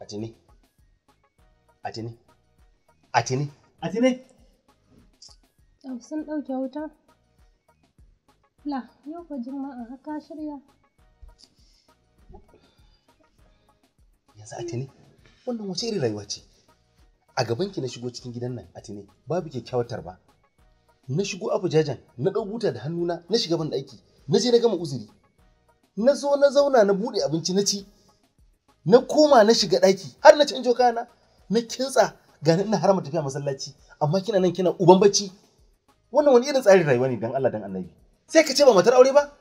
Atini. Atini. Atini. Atini. sun ɗauke wuta? La, yau haka shirya. Yanzu Atini, wannan wace irin rayuwa ce? A gaban gabanki na shigo cikin gidan nan Atini, babu kyakkyawar ba Na shigo Abujajan, na ɗau buta da hannuna, na shiga ban ɗaki, na je na gama uzuri. Na zo na zauna na buɗe abinci na ci, na koma na shiga ɗaki har na canjo kana na kintsa gani ina harama tafiya masallaci amma kina nan kina uban bacci wannan wani irin tsarin rayuwa ne dan Allah dan Annabi sai ka ce ba matar aure ba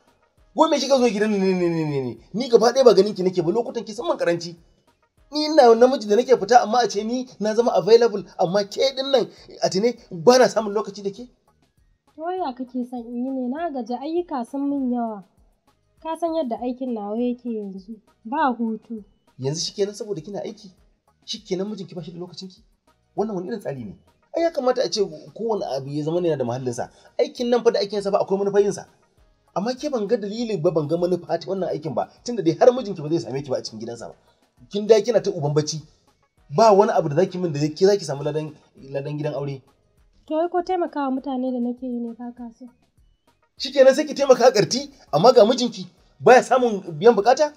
wai me kika zo gidan ne ne ne ne ne ni gaba ɗaya ba ganin ki nake ba lokutan ki sun man karanci ni ina namiji da nake fita amma a ce ni na zama available amma ke din nan a tine ba na samun lokaci da ke waya kake son in yi ne na gaji ayyuka sun min yawa ka san yadda aikin nawa yake yanzu ba hutu yanzu shi kenan saboda kina aiki shi kenan mijinki ba shi da lokacinki wannan wani irin tsari ne ai ya kamata a ce kowane abu ya zama yana da mahallinsa aikin nan fa da aikinsa ba akwai yinsa. amma ke ban ga dalili ba ban ga manufa ta wannan aikin ba tunda dai har mijinki ba zai same ki ba a cikin gidansa ba kin da kina ta uban bacci ba wani abu da zaki min da ke zaki samu ladan ladan gidan aure to ai ko taimakawa mutane da nake yi ne ba ka so shikenan sai ki taimaka karti amma ga mijinki baya samun biyan bukata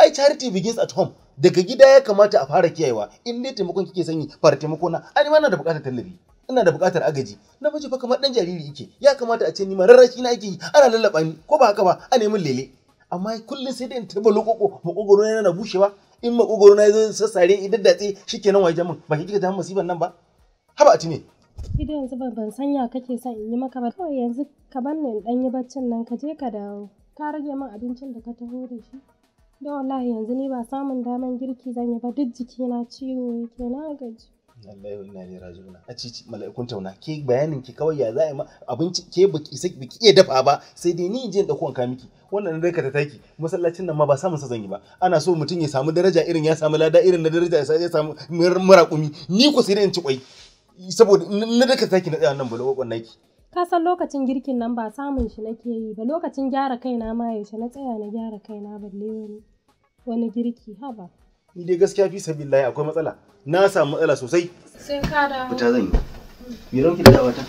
ai charity begins at home daga gida ya kamata a fara kiyayewa in dai taimakon kike sanyi fara taimako na ai ma na da buƙatar tallafi ina da buƙatar agaji na namiji fa kamar dan jariri yake ya kamata a ce ni ma na yake ana lallaba ni ko ba haka ba a nemi lele amma kullun sai dai in taba lokoko makogoro na yana bushewa in makogoro na yazo sassare idan datse shikenan waje min ba kike kika ta musiban nan ba haba a tine Ido yanzu ban sanya kake sa in yi maka ba kawai yanzu ka banne dan yi baccin nan ka je ka dawo ka rage min abincin da ka taho da shi Da wallahi yanzu ni ba samun daman girki zan yi ba duk na ciwo yake na gaji. Wallahi ina ne razuna. A cici mala'ikun tauna ke bayanin ki kawai ya za a yi ma abinci ke baki sai baki iya dafa ba sai dai ni je in dauko wanka miki. Wannan da ka ta taki masallacin nan ma ba samun sa zan yi ba. Ana so mutum ya samu daraja irin ya samu lada irin na daraja ya samu murakumi ni ko sai dai in ci kwai. Saboda na da ka taki na tsaya nan bala wakon naki ka san lokacin girkin nan ba samun shi nake yi ba lokacin gyara kaina ma yaushe na tsaya na gyara kaina balle wani wani girki haba. Ni dai gaskiya fi sabillahi akwai matsala. Na samu matsala sosai. Sai ka Fita zan yi. Me rauki da wata?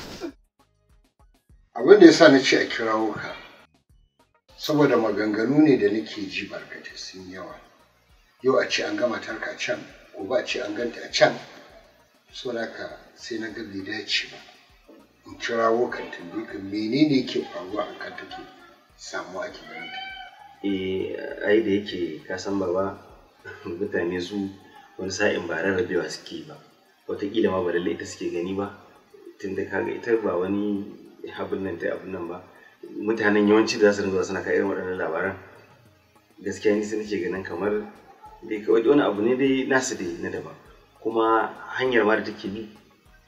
Abin da yasa na ce a kirawo ka. Saboda maganganu ne da nake ji barkatai sun yawa. Yau a ce an gama tarka can, gobe a ce an ganta a can. Saboda ka sai na ga bai dace ba. In kirawo kan tambayi ka menene yake faruwa a kan take samu ake ganin ta. eh ai da yake kasan san mutane su wani sa'in ba rarrabewa suke ba wataƙila ma ba lallai ita suke gani ba tun da kaga ita ba wani abin nan ta abin nan ba mutanen yawanci da za su rinka suna ka irin waɗannan labaran gaskiya ni sai nake ganin kamar dai kawai wani abu ne dai nasu dai na daban kuma hanyar ma da take bi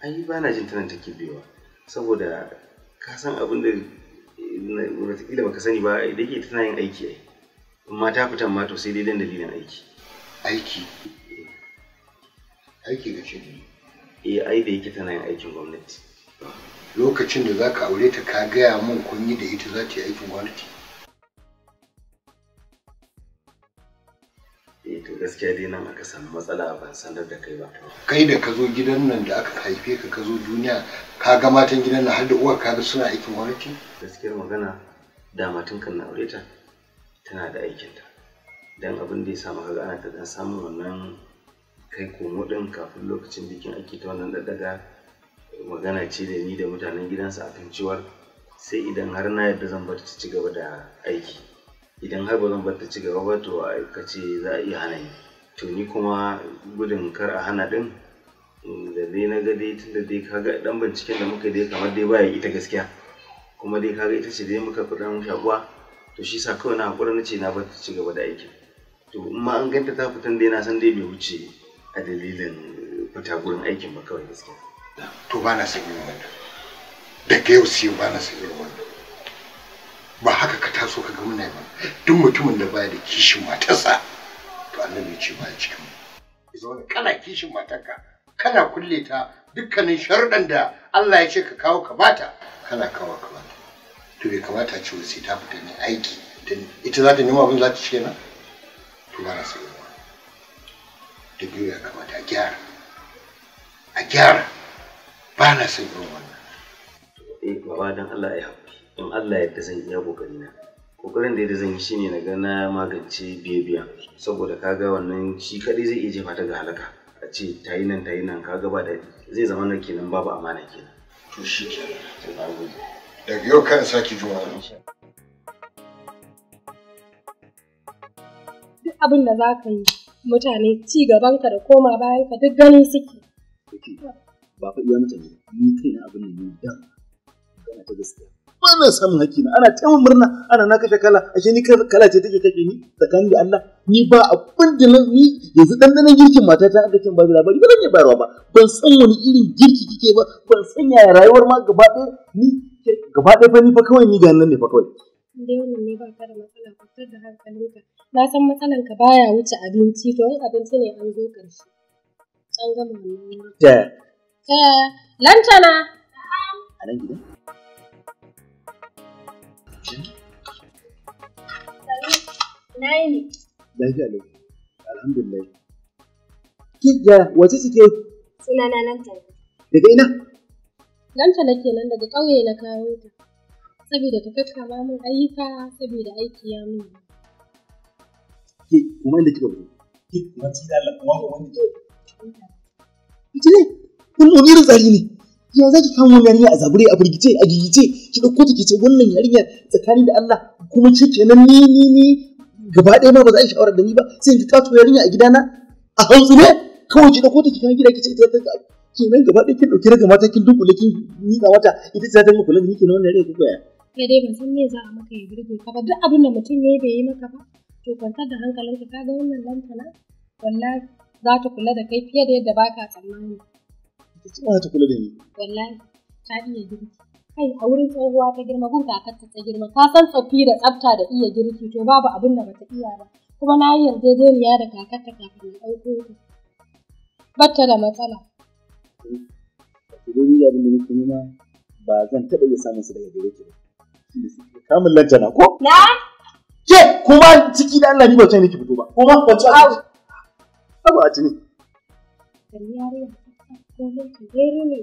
ai ba na jin tana take biyowa saboda ka san abin da wataƙila baka sani ba da ke tana yin aiki ai amma ta fita ma to sai dai dan dalilin aiki aiki aiki ga shi eh ai da yake tana yin aikin gwamnati lokacin da zaka aure ta ka gaya mun kun yi da ita za ta yi aikin gwamnati to gaskiya dai nan aka samu matsala ban sanar da kai ba kai da ka zo gidan nan da aka haife ka ka zo duniya ka ga matan gidan nan har da uwar ka ga suna aikin gwamnati gaskiyar magana da matan kan na aure ta tana da aikin ta dan abin da ya samu ga ana ta dan samun wannan kai komo din kafin lokacin bikin aiki ta wannan daddaga magana ce da ni da mutanen gidansa akan cewar sai idan har na yadda zan bar ci gaba da aiki idan har ba zan bar ta ci gaba ba to a aikace za a iya hana ni to ni kuma gudun kar a hana din da dai na ga dai tunda dai kaga dan binciken da muka dai kamar dai baya ita gaskiya kuma dai kaga ita ce dai muka kudan shaguwa to shi sa kawai na hakura na ce na bar ta ci gaba da aikin to in ma an ganta ta fitan dai na san dai bai wuce a dalilin fita gurin aikin ba kawai gaskiya to ba na san wannan daga yau sai ba na san wannan ba haka ka taso ka ga muna ba duk mutumin da baya da kishin matarsa to annabi ce ba cikin mu kana kishin matarka kana kulle ta dukkanin sharuɗan da Allah ya ce ka kawo ka bata kana kawo ka bata to bai kamata ce sai ta fita ne aiki ita za ta nemo abin za ta ce na to ba na sai da biyu ya kamata a gyara a gyara ba na son irin wannan eh gaba dan Allah ya in Allah yadda zan iya kokari na kokarin da zan yi shine na ga na magance biya saboda kaga wannan shi kadai zai iya jefa ta ga halaka a ce tayi nan tayi nan kaga ba da zai zama na kenan babu amana kenan to shi kenan daga yau kan saki zuwa duk abin da za ka yi mutane ci ka da koma ka duk gani suke ba fa iya mutane ni kaina abin da ni dan gana ta gaskiya ba na samun haƙƙina ana ta murna ana na kashe kala ashe ni kala ce take kashe ni tsakanin da Allah ni ba abin da ni yanzu dandanan girkin mata ta aka ce ba labari ba zan iya bayarwa ba ban san wani irin girki kike ba ban san yaya rayuwar ma gaba ɗaya ni gaba ɗaya ba ni fa kawai ni ga nan ne fa kawai dai wannan ne ba ka da matsala kwatar da hankalinka na san matsalan ka baya wuce abinci to in abinci ne an zo ƙarshe an gama wannan ta lantana a nan gidan Ina yini? Lafiya lau. Alhamdulillah. Ki ya wace suke? Suna na nan Lanta. Daga ina? Lanta nake nan daga ƙauye na kawo ta. Saboda ta kakkama min ayyuka saboda aiki ya mun. Ki kuma inda kika gudu? Ki kuma ci da Allah kuma ko wani to. Ki ne? Kun irin tsari ne. ya za ki kawo yarinya a zabure a birgice a gigice ki ɗauko ta ki ce wannan yarinya tsakani da Allah kuma ce kenan ni ni ni gaba ɗaya ma ba za a yi shawarar da ni ba sai in ta taso yarinya a gidana a hausa ne kawai ki ɗauko ta ki kan gida ki ce ta ta kenan gaba ɗaya kin ɗauki raga mata kin dukule kin miƙa mata ita ce za ta muku lazumi kenan wannan rai kuka ya. kai dai ban san me za a maka ya burge ka ba duk abin da mutum ya yi bai yi maka ba to kwantar da hankalinka ka ga wannan lantana wallahi za ta kula da kai fiye da yadda baka tsammani. ita ce ba za ta kula da ni. wallahi ta iya girki. kai a wurin tsohuwa ta girma gun kakarta ta girma ka san tsoffi da tsafta da iya girki to babu abin da bata iya ba kuma na yi yarjejeniya da kakarta kafin na ɗauko ta bata da matsala. Dai abin da nake nema ba zan taɓa iya samun su daga gare ki ba. Kamun lantana ko? Na? Ke kuma ciki da Allah ni ba can ki fito ba. Kuma wacce a Abu a ci ne. Kariya ne, komai ka gere ne.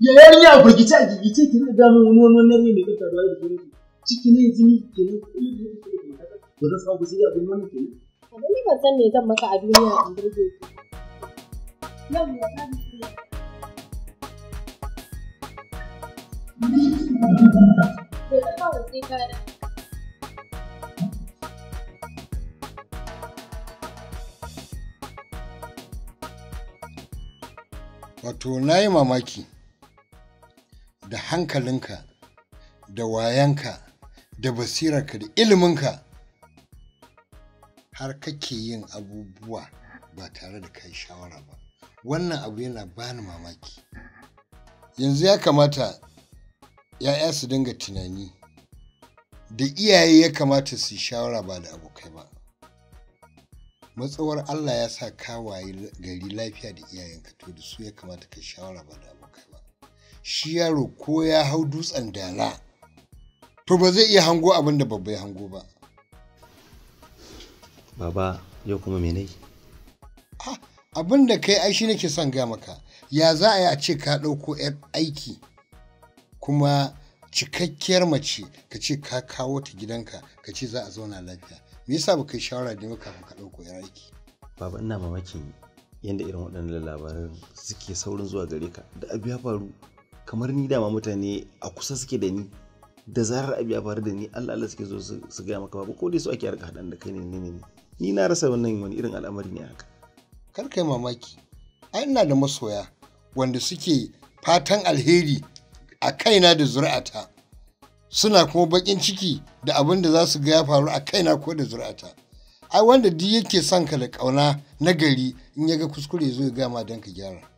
ya yarinya a firgice a gigice ki na wani wani wani yarinya mai da wani ciki ne yanzu ni ke nan sai wani ke Abin ban san ne zan maka a duniya in burge ki. Yau ka ka da. Wato na yi mamaki. da hankalinka da wayanka da basirarka da iliminka har kake yin abubuwa ba tare da kai shawara ba wannan abu yana bani mamaki yanzu ya kamata ‘ya'ya su dinga tunani da iyaye ya kamata su shawara ba da abokai ba matsawar allah ya sa kawaye gari lafiya da iyayenka to da su ya kamata ka shawara ba da abokai shi yaro ko ya hau dutsen dala to ba zai iya hango abin da babba ya hango ba baba yau kuma me nai abin da kai ai shi nake son ga maka ya za a yi a ce ka ɗauko 'yar aiki kuma cikakkiyar mace ka ce ka kawo ta gidanka ka ce za a zauna lafiya me yasa ba kai shawara da maka ka ɗauko 'yar aiki baba ina mamakin yadda irin waɗannan labaran suke saurin zuwa gare ka da abu ya faru kamar ni dama mutane a kusa suke da ni da zarar abu ya faru da ni Allah Allah suke zo su gaya maka babu ko dai su ake harka haɗan da kai ne ne ne ni na rasa wannan wani irin al'amari ne haka kar kai mamaki ai ina da masoya wanda suke fatan alheri a kaina da zuri'ata suna kuma bakin ciki da abin da za su ga faru a kaina ko da zuri'ata ai wanda duk yake son ka da kauna na gari in ya ga kuskure zo ya gama don ka gyara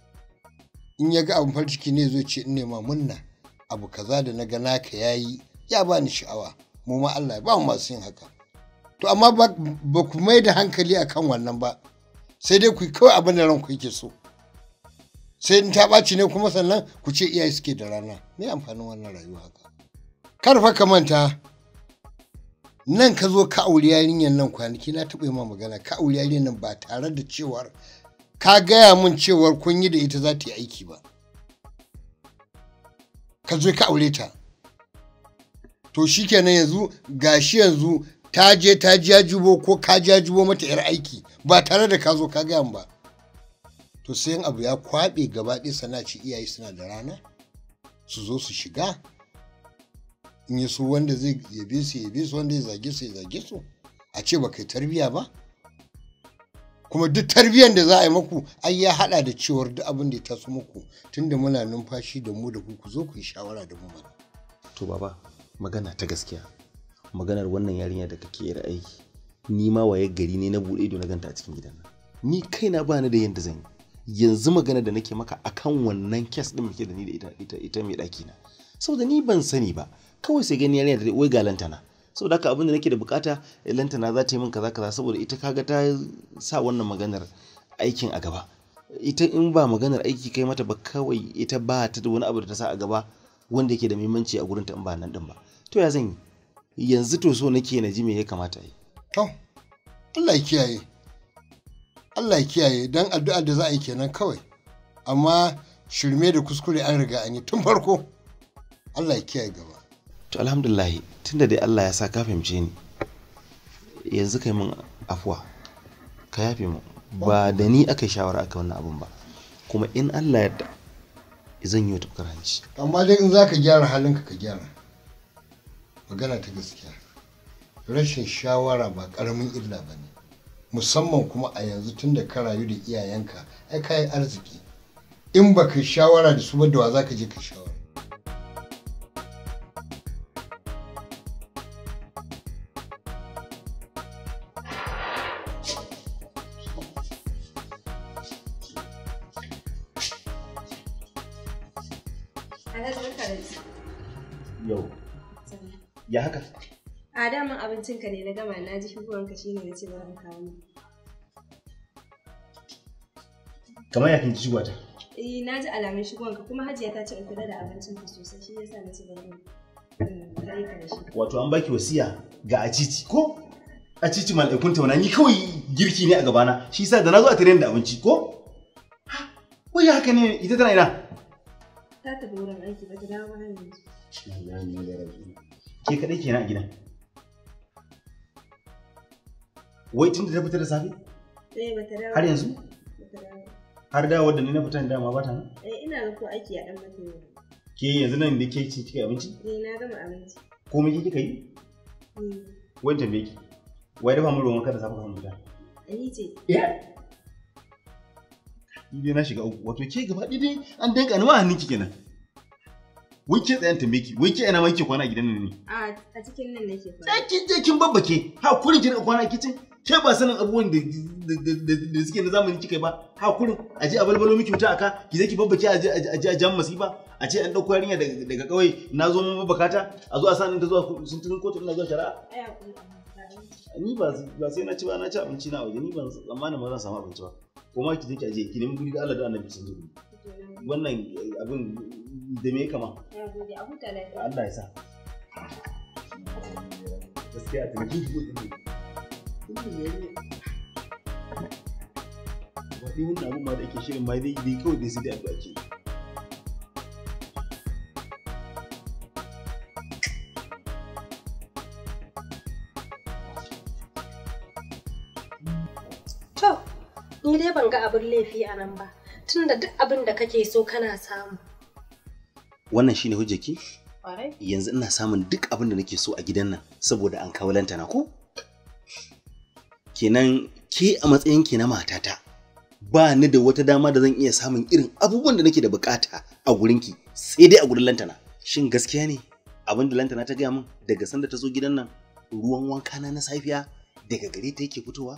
in ya ga abin farin ciki ne zo ce in nema munna abu kaza da na ga naka yayi ya bani sha'awa mu ma Allah ba mu masu yin haka to amma ba ku mai da hankali akan wannan ba sai dai ku kawai abin da ranku yake so sai in ta ɓaci ne kuma sannan ku ce iyaye suke da rana me amfanin wannan rayuwa haka kar fa ka manta nan ka zo ka auri yarinyar nan kwanaki na taɓa yi ma magana ka auri yarinyar nan ba tare da cewar ka gaya min cewar kun yi da ita za ta yi aiki ba ka zo ka aure ta to shi shikenan yanzu gashi yanzu ta je ta jajibo ko ka jajibo mata yar aiki ba tare da ka zo ka gaya ba to sai abu ya kwaɓe gaba ɗaya sana ce iyaye suna da rana su zo su shiga in yi su wanda zai yabe su yabe su wanda ya zage su ya zage su a ce ba kai tarbiya ba kuma duk tarbiyyar da za a yi muku ai ya hada da cewar duk abin da ya taso muku tunda muna numfashi da mu da ku ku zo ku yi shawara da mu mana to baba magana ta gaskiya maganar wannan yarinya da kake ra'ayi ni ma waye gari ne na bude ido na ganta a cikin gidan nan ni kaina ba ni da yanda zan yi yanzu magana da nake maka akan wannan kes din muke da ni da ita ita mai daki na saboda ni ban sani ba kawai sai gani yarinya da wai galanta na saboda haka abin da nake da bukata eh, lantana za ta yi min kaza kaza saboda ita kaga ta sa wannan maganar aikin a gaba ita in ba maganar aiki kai mata ba kawai ita ba ta da wani abu da ta sa a gaba wanda yake da muhimmanci a gurin ta in ba nan din ba to ya zan yi yanzu to so nake na ji me ya kamata yi to Allah ya kiyaye Allah ya kiyaye dan addu'a da za a yi kenan kawai amma shirme da kuskure an riga an yi tun farko Allah ya kiyaye gaba to alhamdulillahi tunda dai Allah ya sa ka fahimce ni yanzu kai min afuwa ka yafe mu ba da ni aka yi shawara aka wannan abun ba kuma in Allah ya da zan yi wata hanci. amma dai in zaka gyara halinka ka gyara magana ta gaskiya rashin shawara ba karamin illa ba ne musamman kuma a yanzu tunda ka rayu da iyayenka ai ka yi arziki in ba ka shawara da su ba da wa za ka je ka shawara Yau. Ya haka? A daman abincinka ne na gama na ji shigowanka shi ne na ce bari kawo. Kamar ya kinci shigowata? Eh na ji alamun ka kuma hajiya ta ce in kula da abincinka sosai shi yasa na ce bari Wato an baki wasiya ga acici ko? Acici mal'aikun tauna ni kawai girki ne a gabana shi yasa da na zo a tare da abinci ko? ya haka ne ita tana ina? ta tafi wurin aiki ba ta dawo yanzu ke kenan a wai tun da ta fita da safe eh ba ta dawo har yanzu har dawo da ni na fita dama ba ta nan eh ina ga ko aiki a mata ke yanzu nan da ke ci abinci eh na gama abinci ko me kika yi eh. wai tambaye ki wai dafa mu ruwan kada safa kan fita ni ce eh ni dai na shiga uku wato ke gaba dai an danka ni ma hannun ki kenan wai ke tsayan ta miki wai ke ina ma kwana a gidan nan ne a cikin nan nake kwana sai kin je kin babbake ha kurin ki kwana a kitchen ke ba sanin abubuwan da suke na zamani kika ba ha kurin a je a balbalo miki wuta aka ki zai ki babbake a je a jan masifa a ce an dauko yarinya daga kauye na zo mun bakata a zo a sanin ta zuwa sun tun kotu ina zuwa shari'a ni ba sai na ci ba na ci abinci na waje ni ban tsammanin ba zan samu abinci ba kuma ki zai ki aje ki nemi guri da Allah da Annabi sun zo wannan eh, abin da me kama Allah ya sa gaskiya ta ji ba dai wannan abun ma da ake shirin ma dai dai kawai dai sai da addu'a ke to ni dai ban ga abin laifi a nan ba tunda duk abin da kake so kana samu wannan shine hujjaki yanzu ina samun duk abin da nake so a gidan nan saboda an kawo lantana ko kenan ke a matsayin ke na matata ba ni da wata dama da zan iya samun irin abubuwan da nake da bukata a gurinki sai dai a gurin lantana shin gaskiya ne abin da lantana ta gaya min daga sanda ta zo gidan nan ruwan wanka na na safiya daga gari ta yake fitowa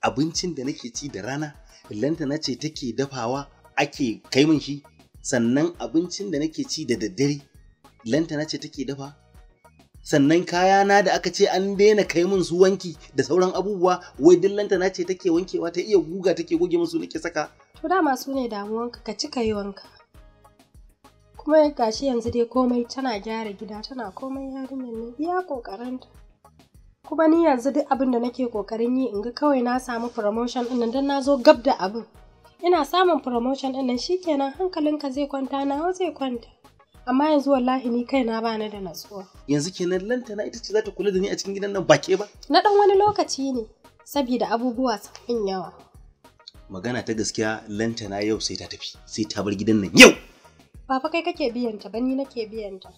abincin da nake ci da rana lantana ce take dafawa ake kai min shi sannan abincin da nake ci da daddare lantana ce take dafa sannan kayana da aka ce an daina kai min su wanki da sauran abubuwa wai dillanta na ce take wankewa ta iya guga take goge musu nake saka to dama su ne damuwanka ka cika yi wanka kuma gashi yanzu dai komai tana gyara gida tana komai yarinyar ne iya kokarinta kuma ni yanzu duk abin da nake kokarin yi in ga kawai na samu promotion din dan na zo gab da abin ina samun promotion din nan shikenan hankalinka zai kwanta nawa zai kwanta amma yanzu wallahi ni kaina na bani da natsuwa yanzu kenan lantana ita ce za ta kula da ni a cikin gidan nan baƙe ba na dan wani lokaci ne saboda abubuwa sun yawa magana ta gaskiya lantana yau sai ta tafi sai ta bar gidan nan yau ba kai kake biyan ta ba ni nake biyan ta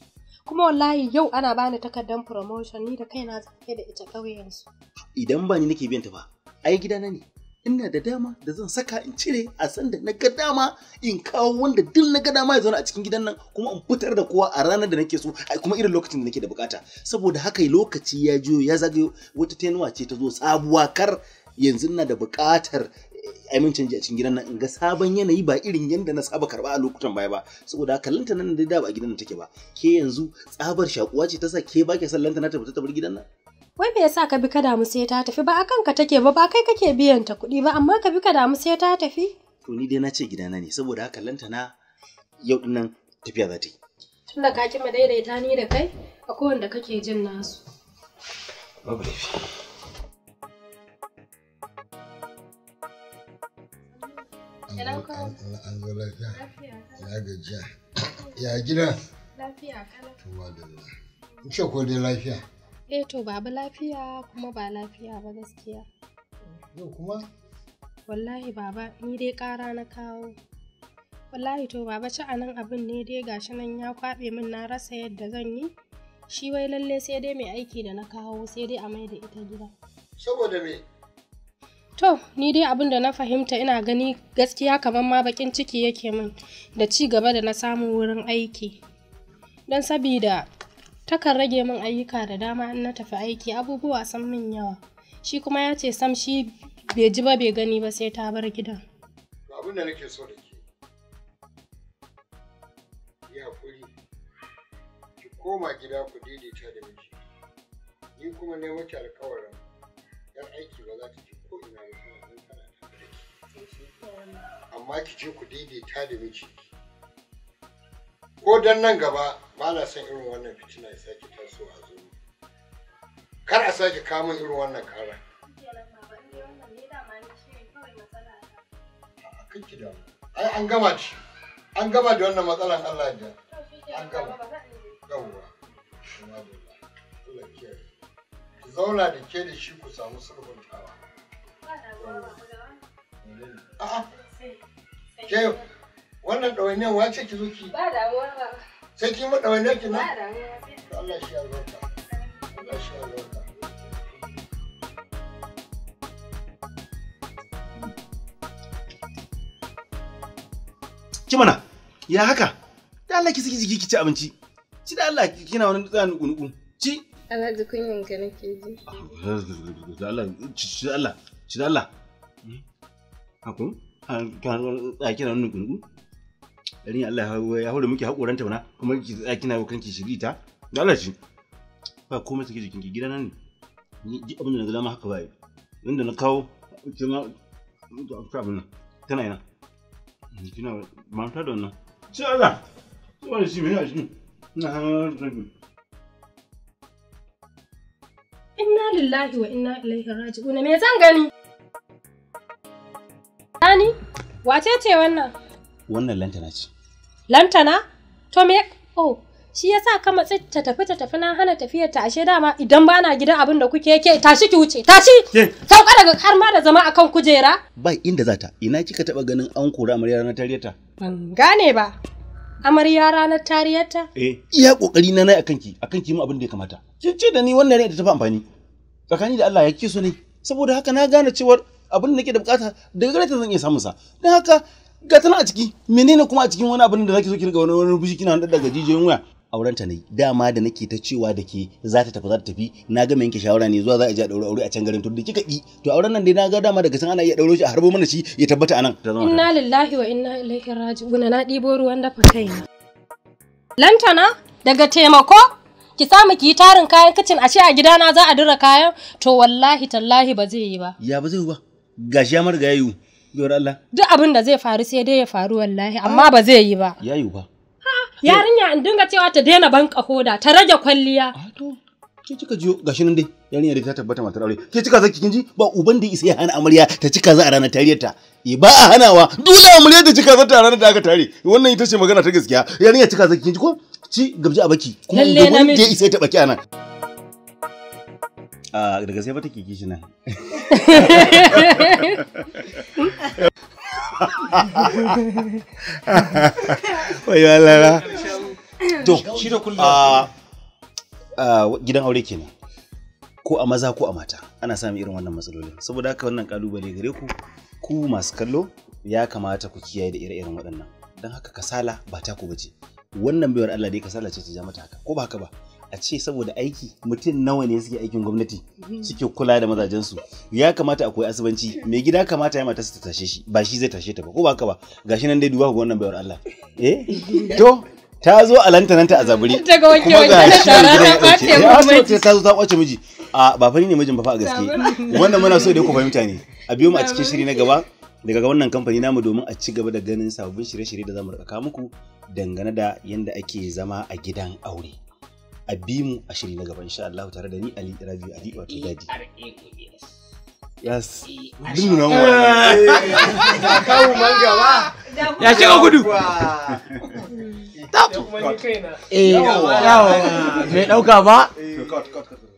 kuma wallahi yau ana bani takardar promotion ni da kaina zan da ita ƙauyen su idan ba ni nake biyan ta ba ai gidana ne ina da dama da zan saka in cire a sanda na ga dama in kawo wanda duk na ga dama ya zauna a cikin gidan nan kuma in fitar da kowa a ranar da nake so a kuma irin lokacin da nake da bukata saboda haka lokaci ya jiyo ya zagayo wata tenuwa ce ta zo sabuwa kar yanzu na da bukatar eh, aimin canji a cikin gidan nan in ga sabon yanayi ba irin yadda na saba karba a lokutan baya ba saboda haka lantana nan da ba a gidan nan take ba ke yanzu tsabar shakuwa ce ta sa ke ba ke son lantana ta fita ta bar gidan nan wai me yasa ka bi ka damu sai ta tafi ba a kanka take ba ba kai kake biyan ta kuɗi ba amma ka bi ka damu sai ta tafi to ni dai na ce gidana ne saboda haka na yau din nan tafiya za ta yi tunda ka ki daidaita ni da kai a kowanda kake jin nasu babu laifi an zo lafiya ya gajiya ya gida lafiya kana to wadalla in ce ko dai lafiya eh to babu lafiya kuma ba lafiya ba gaskiya yau kuma wallahi baba ni dai ƙara na kawo wallahi to baba ci anan abin ne dai gashi nan ya kwaɓe min na rasa yadda zan yi shi wai lalle sai dai mai aiki da na kawo sai dai a mai da ita gida saboda me To, ni dai abin da na fahimta ina gani gaskiya kamar ma bakin ciki yake min da ci gaba da na samu wurin aiki. Don sabida takan rage min ayyuka da dama in na tafi aiki abubuwa sun min yawa shi kuma ya ce sam shi bai ji ba bai gani ba sai ta bar gidan abin da nake so da ke ya kuri ki koma gida ku daidaita da miji ni kuma ne miki alkawarin yan aiki ba za ta ji ko ina ba tana tafi da ki amma ki je ku daidaita da miji ko dan nan gaba ba na son irin wannan fitina ya sake taso a zo kar a sake kamun irin wannan kara ai an gama da an gama da wannan matsalan Allah da an gama yawwa ku zauna da ke da shi ku samu sulhuntawa a'a ke wannan ɗawainiyar wace ki zo ki ba damuwa ba sai kin mu ɗawainiya ki nan Allah shi albarka Allah shi albarka ki mana ya haka da Allah ki saki jiki ki ci abinci ci da Allah kina wani tsaya nuku ci Alhaji kunyan ka nake ji. Da Allah, ci da Allah, ci da Allah. Hmm? Hakun? Ka kina wani nuku irin Allah ya hore muke haƙoran tauna kuma ki tsaya kina wa kanki shiri ta da Allah shi ba komai take jikin ki gidan ne ji abin da na zama haka bai inda na kawo kina to an fara nan tana ina kina ta da wannan ci Allah wannan shi me shi na hankali Inna lillahi wa inna ilaihi raji'un me zan gani Sani, wace ce wannan? Wannan lantana ce. lantana to me oh shi yasa ka matsi ta tafi ta tafi nan hana tafiyar ta ashe dama idan ba na gidan abin da kuke yake tashi ki wuce tashi sauka daga har ma da zama akan kujera ba inda za ta ina kika taba ganin an kura amarya ranar tariyarta ban gane ba amarya ranar tariyarta eh iya kokari na nayi akan ki akan ki mu abin da ya kamata kin ce da ni wannan ne da tafi amfani tsakani da Allah ya kiso so ne saboda haka na gane cewa abin da nake da bukata daga gare ta zan iya samun sa don haka ga tana a ciki menene kuma a cikin wani abin da zaki so ki riga wani wani rubuci kina hada daga jijiyoyin waya aurenta ne dama da nake ta cewa da ke za ta tafi za ta tafi na ga yanke shawara ne zuwa za a je a daura aure a can garin turdi kika ki to auren nan dai na ga dama daga can ana iya dauro shi a harbo mana shi ya tabbata anan inna lillahi wa inna ilaihi raji'un na bo ruwan dafa kaina lantana daga taimako ki samu ki yi tarin kayan kicin ashe a gidana za a dura kayan to wallahi tallahi ba zai yi ba ya ba zai yi ba gashi ya marga yayu Allah. Duk abin da zai faru sai dai ya faru wallahi amma ba zai yi ba. Ya yi ba. Yarinya in dinga cewa ta daina ban da ta rage kwalliya. ke cika jiyo gashi nan dai yarinya da ta tabbata matar aure ke cika zaki kin ji ba uban da isa ya hana amarya ta cika za a ranar tariyar ta e ba a hanawa dole amarya ta cika za ta ranar da aka tare wannan ita ce magana ta gaskiya yarinya cika zaki kin ji ko ci gabji a baki kuma uban da isa ya taba ki anan. Ah, daga sai bata kiki shi nan wai walara to ah, ah, gidan aure kenan ko a maza ko a mata ana samun irin wannan matsalolin saboda haka wannan kalubale gare ku ku masu kallo ya kamata ku kiyaye da ire-iren waɗannan don haka kasala ba ta ku bace wannan baiwar Allah dai kasala ce ta ja mata haka ko ba haka ba a ce saboda aiki mutum nawa ne suke aikin gwamnati mhm. suke kula da mazajensu ya kamata akwai asibanci hmm. mai gida kamata ya mata su tashe shi ba shi zai tashe ta ba ko ba ka ba gashi nan dai duba ga wannan bayar Allah eh to ta zo a lantananta a zaburi kuma ga shi ne gidan ya ta zo ta kwace miji a ba fari ne mijin ba fa a gaske wannan muna so da ku fahimta ne a biyo mu a cikin shiri na gaba daga wannan kamfani namu domin a ci gaba da ganin sabbin shirye-shirye da zamu rika muku dangane da yadda ake zama a gidan aure a bi mu a shiri na gaba insha Allah tare da ni Ali Rabi Ali wato Dadi e yes dun e nan wa kawo gudu ta kaina eh, eh. bai dauka ba eh.